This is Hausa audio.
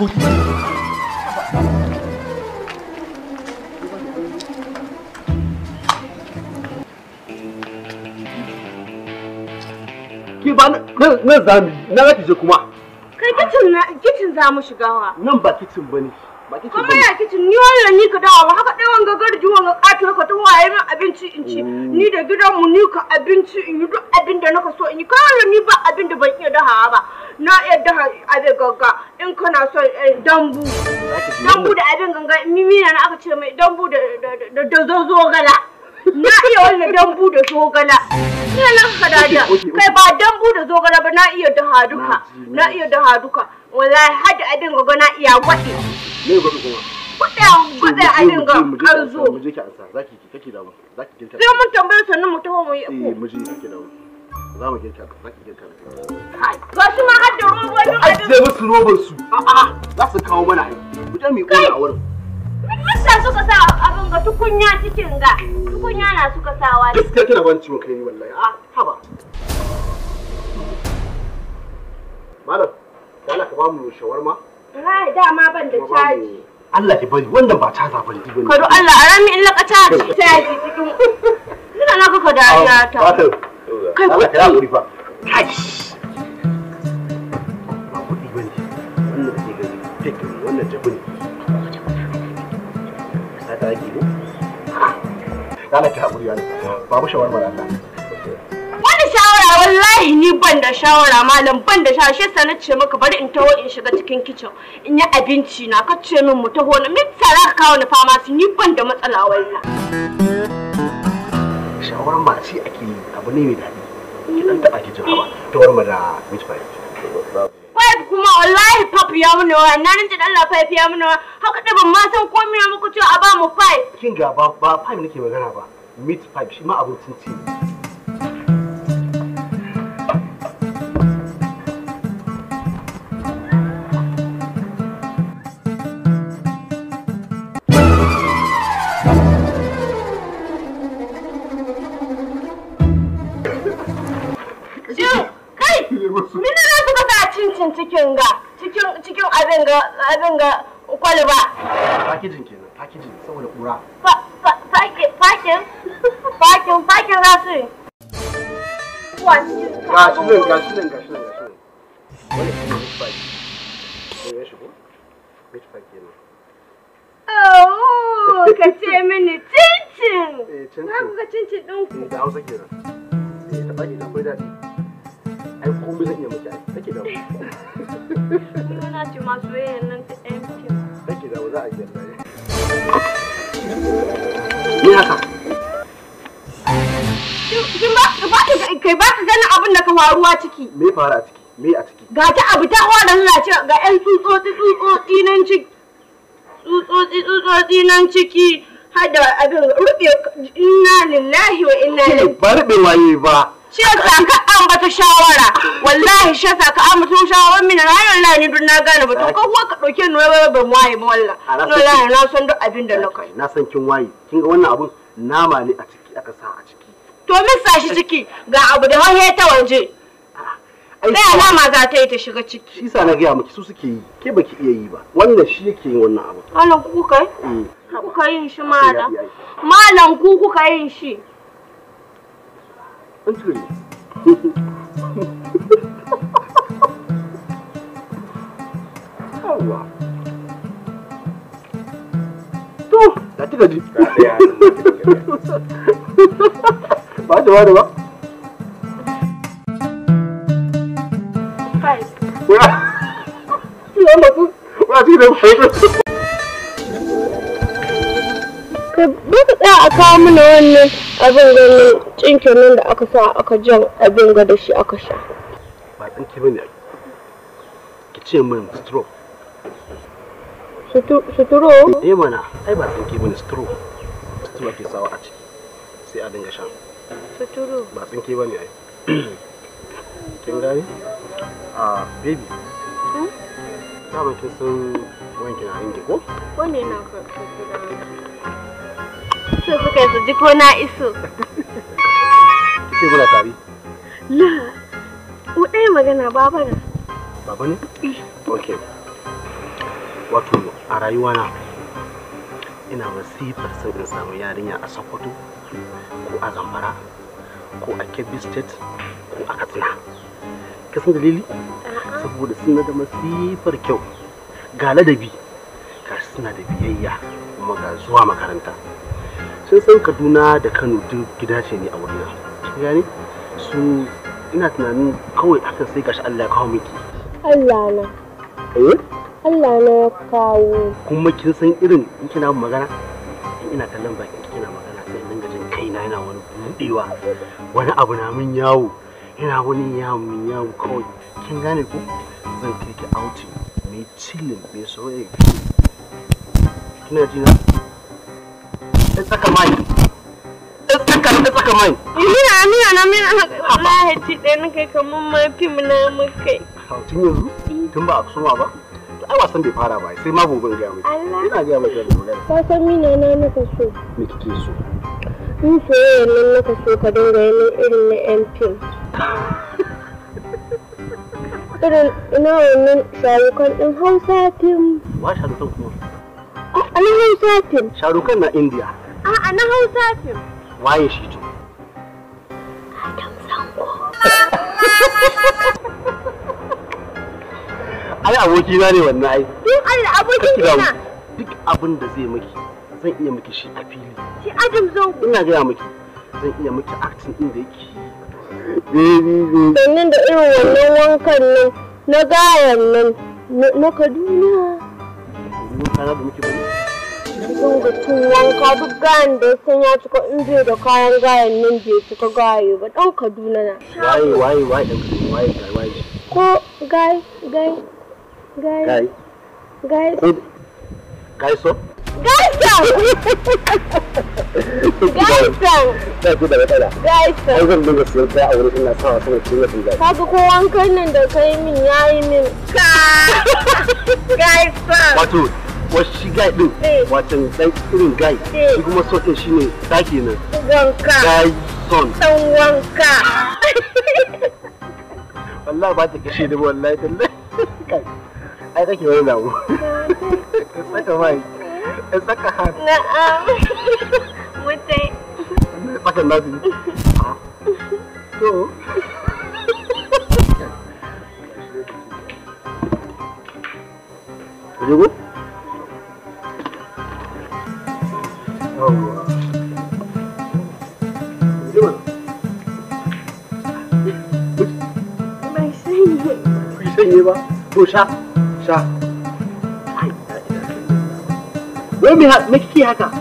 Ki ba nan zami, na za kuma. Kai kicin zamu shiga wa Nan ba kicin bane kuma ya kicin ni wannan ni ka dawo haka dai wanga garji wanga kato ka ta waye min abinci in ci mm. ni da gidanmu ni ka abinci in yi duk abin da naka so in yi kawai ni ba abin da ban iya daha ba na iya daha abin ganga in kana so eh, dambu dambu da abin ganga mimina na aka ce mai dambu da da zogala na iya wannan dambu da zogala kenan da kai ba dambu da zogala ba na iya da haduka na iya da haduka wallahi hada adin gogo na iya waɗe me gogo kuma a sai mun tambaye sannan mu taho mu yi ga shi ma har da a zai musu su a'a yi a wurin Mun suka sa abin ga tukunya cikin ga. kyautatawa ne gaskiya kina ban ciwon kai wallahi a ah, haba malam dala ka shawarma rai dama ban da caji Allah ki bari wannan ba caza ne. ka do Allah a rami in laka caji caji cikin ina na kuka dariya ah, ta kai ku ka fa caji Lala haƙuri wani. Babu shawarma lalla. Wani shawara wallahi ni ban da shawara malam ban da shawara shi yasa na ce maka bari in taho in shiga cikin kicin in yi abinci na ka ce min mu taho na min tsara ka kawo ni famasi ni ban da matsala wannan. Shawarar Masu ake yi abu ne mai daɗi. Ki ɗan taɓa ki jin ta Tawarma da meat wallahi kuma wallahi pap ya mun wa na nan da Allah five ya mun wa haka da ban ma san ko na muku cewa a ba mu pipe kin ga ba ba pipe nake magana ba meat pipe shi ma abokin ci Minna rashin cikin ga cikin cikin abin ga abin ga kwalba packaging kenan packaging saboda kura packaging packaging packaging rasu ka ce mini cincin! Eh, ai komai kai ba ka ganin abin da ka faru ciki me a ciki me a ciki ga ta abu ta hora na ce ga yan tsutsotsi tsutsotsi nan ciki tsutsotsi tsutsotsi nan ciki hada abin rufe inna lillahi wa inna ilaihi ba rube waye ba shi yasa ka an wallahi shafa ka amu tun shawarar mina na yi wallahi dun na gane ba to kuwa ka dauke ni wai ban waye ba wallah wallahi na san duk abin da na kai na san kin waye kin ga wannan abun nama ne a ciki aka sa a ciki to min sa shi ciki ga abu da wani ta waje sai alama za ta yi ta shiga ciki shi sa na ga miki su suke yi ke baki iya yi ba wannan shi yake yin wannan abu malam ku kai eh. kuka yin shi malam malam ku kuka yin shi Thank you. hadi. hadi hadi bak. Hayır. Ya lafı. Hadi gidelim. Duk da a kawo mana wannan abin ganin cinkin nan aka sa aka jan abin ga shi aka sha. Ba tsinki bane. Ki ce min stroke. suturo? eh mana ai ba bane suturo suturo sawa a ciki sai a dinga suturo ba bane ai kin gani a baby ta hmm? ba kin san na ko wanne na su suka su ji ko na iso la ɗaya magana wato a rayuwa na, ina masifar son in samu yarinya a sokoto ko a zamfara ko a kebbi state ko a katsina kasan dalili saboda suna da masifar kyau ga ladabi ga suna da biyayya kuma ga zuwa makaranta sun san kaduna da kano duk gida ce ne a wurina gani su ina tunanin kawai hakan sai gashi allah ya kawo miki allah na eh Allah na ya kawo kuma kin san irin in kina magana in ina kallon bakin kina magana sai dinga jin kaina yana wani budewa wani abu na min yawo ina wani yawo min yawo kawai kin gane ko zan kai ki auti mai chillin mai soyayya kina ji na ta tsaka mai ta tsaka ta tsaka mai mina mina na mina na lahaci ɗaya na kai kamar mafi na mukai tun yanzu eh. tun ba a kusuma ba ai wasan bai fara ba sai ma gobe ga mu ina gaya mu da magana ka san mina na naka so me kike so in soyayya nan naka so ka dinga yin irin na MP irin ina wannan sharukan din Hausa tim wa sharukan kuma a na Hausa tim sharukan na India a a na Hausa tim waye shi to Adam Sanko ai aboki na ne wannan ai duk ai abokin ki na duk abin da zai miki zan iya miki shi a fili shi adam zo ina gaya miki zan iya miki acting din da yake sannan da irin wannan wankan nan na gayan nan na kaduna wanka da muke bane sun ga tun wanka duk gayan da ya ya cika in bai da kayan gayan nan bai cika gaye ba dan kaduna na waye waye waye dan kaduna waye waye ko gai gai Guys. Guys. Guys. Guys, Guys, Guys, da matsala. Guys, Ai zan dinga siyar da a wurin ina guys. da kai min yayi min. Guys, Wato, wasu shi guys kuma sotin shi ne sake na. Wanka. Guys, son. Dan wanka. wallahi ba ta da wallahi ai Aku cuma tahu. Esok kemai. Esok kahat. Naam. Mesti. Pakai nasi. Tu. Cukup? Oh. Cukup. Bisa ni. Bisa ni ba? Busak. ましミハメキシハカ。